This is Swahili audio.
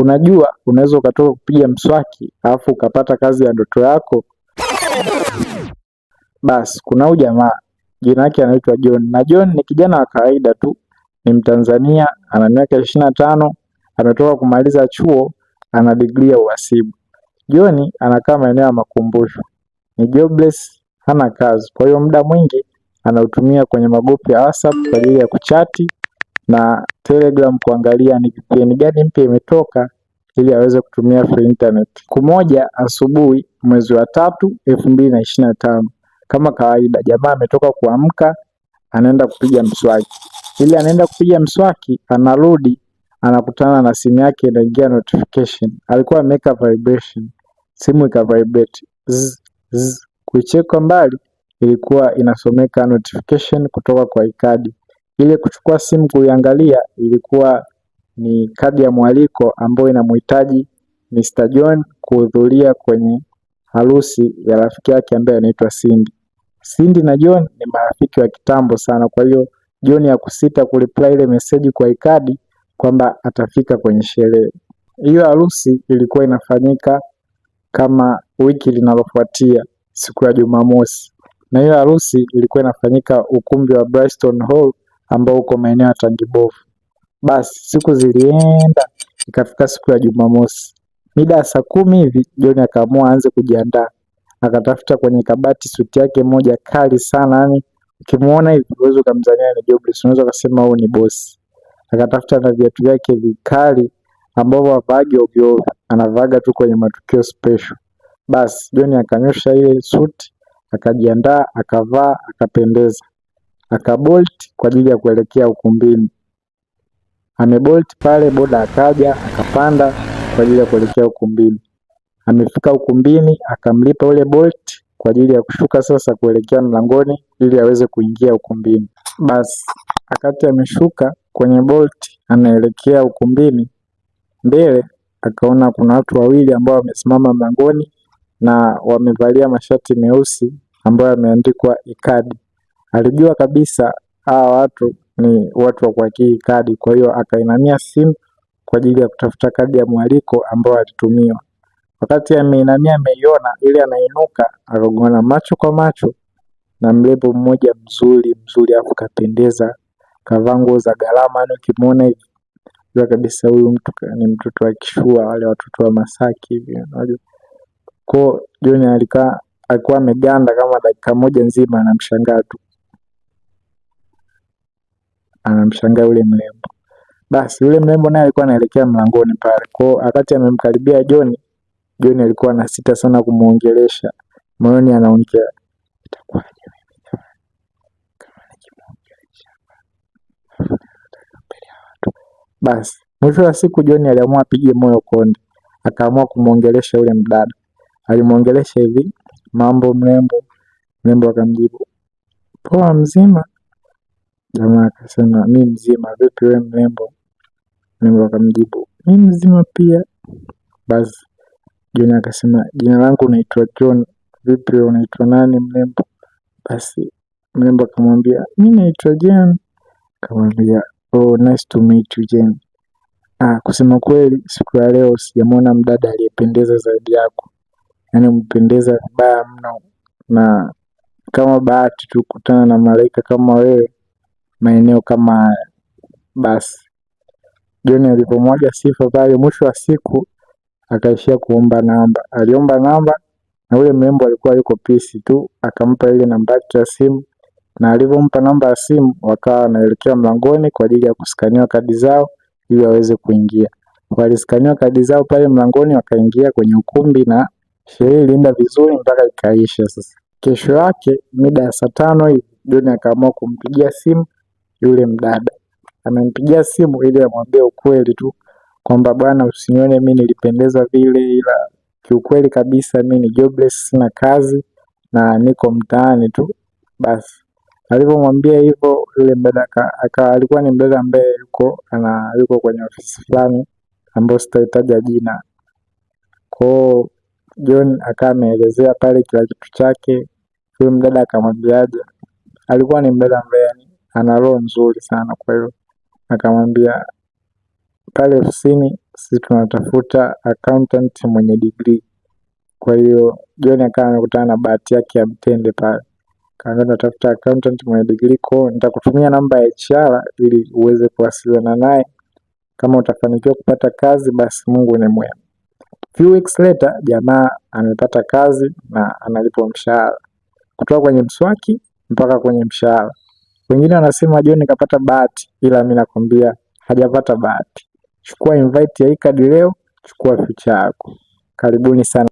Unajua unaweza ukatoka kupiga mswaki alafu ukapata kazi ya ndoto yako. Basi kuna huyu jamaa jina yake anaitwa John, na John ni kijana wa kawaida tu, ni Mtanzania, ana miaka ishirini na tano, ametoka kumaliza chuo, ana digrii ya uhasibu. John anakaa maeneo ya makumbusho, ni jobless, hana kazi, kwa hiyo muda mwingi anautumia kwenye magrupu ya WhatsApp kwa ajili ya kuchati na Telegram kuangalia ni VPN gani mpya imetoka ili aweze kutumia free internet. Kumoja asubuhi mwezi wa tatu elfu mbili na ishirini na tano, kama kawaida, jamaa ametoka kuamka, anaenda kupiga mswaki. Ili anaenda kupiga mswaki, anarudi anakutana na simu yake inaingia notification. Alikuwa ameweka vibration, simu ikavibrate kuicheka mbali, ilikuwa inasomeka notification kutoka kwa Ikadi. Ile kuchukua simu kuiangalia ilikuwa ni kadi ya mwaliko ambayo inamhitaji Mr. John kuhudhuria kwenye harusi ya rafiki yake ambaye anaitwa Cindy. Cindy na John ni marafiki wa kitambo sana, kwa hiyo John hakusita kureply ile message kwa ikadi kwamba atafika kwenye sherehe hiyo. Harusi ilikuwa inafanyika kama wiki linalofuatia siku ya Jumamosi, na hiyo harusi ilikuwa inafanyika ukumbi wa Bryston Hall ambao uko maeneo ya Tangi Bovu. Basi siku zilienda, ikafika siku ya Jumamosi mida ya saa kumi hivi, John akaamua aanze kujiandaa. Akatafuta kwenye kabati suti yake moja kali sana, yani ukimuona hivi uweze kumdhania ni jobless, unaweza kusema huyu ni bosi. Akatafuta na viatu vyake vikali ambavyo havaagi ovyo anavaaga tu kwenye matukio special. Basi John akanyosha ile suti, akajiandaa, akavaa, akapendeza akabolt kwa ajili ya kuelekea ukumbini. Amebolt pale, boda akaja akapanda kwa ajili ya kuelekea ukumbini. Amefika ukumbini akamlipa ule bolt kwa ajili ya kushuka sasa kuelekea mlangoni ili aweze kuingia ukumbini. Basi akati ameshuka kwenye bolt anaelekea ukumbini, mbele akaona kuna watu wawili ambao wamesimama mlangoni na wamevalia mashati meusi ambayo yameandikwa Ikadi. Alijua kabisa hawa watu ni watu wa kuhakiki kadi, kwa hiyo akainamia simu kwa ajili ya kutafuta kadi ya mwaliko ambayo alitumiwa. Wakati ameinamia ameiona ile, anainuka akagongana macho kwa macho na mrembo mmoja mzuri mzuri, afu kapendeza, kavaa nguo za gharama, yaani ukimwona hivi jua kabisa huyu mtu ni mtoto wa kishua, wale watoto wa Masaki hivi. Kwa John alikaa alikuwa ameganda kama dakika moja nzima anamshangaa tu anamshangaa yule mrembo. Basi yule mrembo naye alikuwa anaelekea mlangoni pale. Kwa akati wakati amemkaribia John, John alikuwa anasita sana kumuongelesha. Moyoni anaongea itakuwaje mimi kama nikimuongelesha mbele ya watu. Basi mwisho wa siku John aliamua apige moyo konde, akaamua kumuongelesha yule mdada. Alimuongelesha hivi, mambo mrembo. Mrembo akamjibu poa mzima. Jamaa akasema mi mzima, vipi we mrembo? Mrembo akamjibu mi mzima pia. Basi John akasema jina langu unaitwa John, vipi unaitwa nani mrembo? Basi mrembo akamwambia mi naitwa Jane. Akamwambia oh, nice to meet you Jane. Ah, kusema kweli siku ya leo sijamwona mdada aliyependeza zaidi yako, yaani umependeza vibaya mno, na kama bahati tukutana na malaika kama wewe maeneo kama basi. John alipomwaga sifa pale, mwisho wa siku akaishia kuomba namba. Aliomba namba na ule mrembo alikuwa yuko pisi tu, akampa ile namba ya simu, na alivyompa namba ya simu wakawa wanaelekea mlangoni kwa ajili ya kuskaniwa kadi zao ili waweze kuingia. Waliskaniwa kadi zao pale mlangoni, wakaingia kwenye ukumbi na sherehe ilienda vizuri mpaka ikaisha. Sasa kesho yake mida ya saa tano hivi John akaamua kumpigia simu yule mdada. Amempigia simu ili amwambie ukweli tu kwamba bwana, usinione mimi nilipendeza vile, ila kiukweli kabisa mimi ni jobless, sina kazi na niko mtaani tu. Basi alivyomwambia hivyo, yule mdada aka, alikuwa ni mdada ambaye yuko ana yuko kwenye ofisi fulani ambayo sitahitaja jina kwao. John akawa ameelezea pale kila kitu chake. Yule mdada akamwambiaje, alikuwa ni mdada ambaye ana roho nzuri sana. Kwa hiyo akamwambia pale ofisini, sisi tunatafuta accountant mwenye degree. Kwa hiyo John akawa amekutana na bahati yake ya mtende pale, kaambia tunatafuta accountant mwenye degree, kwa nitakutumia namba ya HR ili uweze kuwasiliana naye. Kama utafanikiwa kupata kazi, basi Mungu ni mwema. Few weeks later jamaa amepata kazi na analipwa mshahara kutoka kwenye mswaki mpaka kwenye mshahara. Wengine wanasema John kapata bahati, ila mimi nakwambia hajapata bahati. Chukua invite ya hii kadi leo, chukua future yako. Karibuni sana.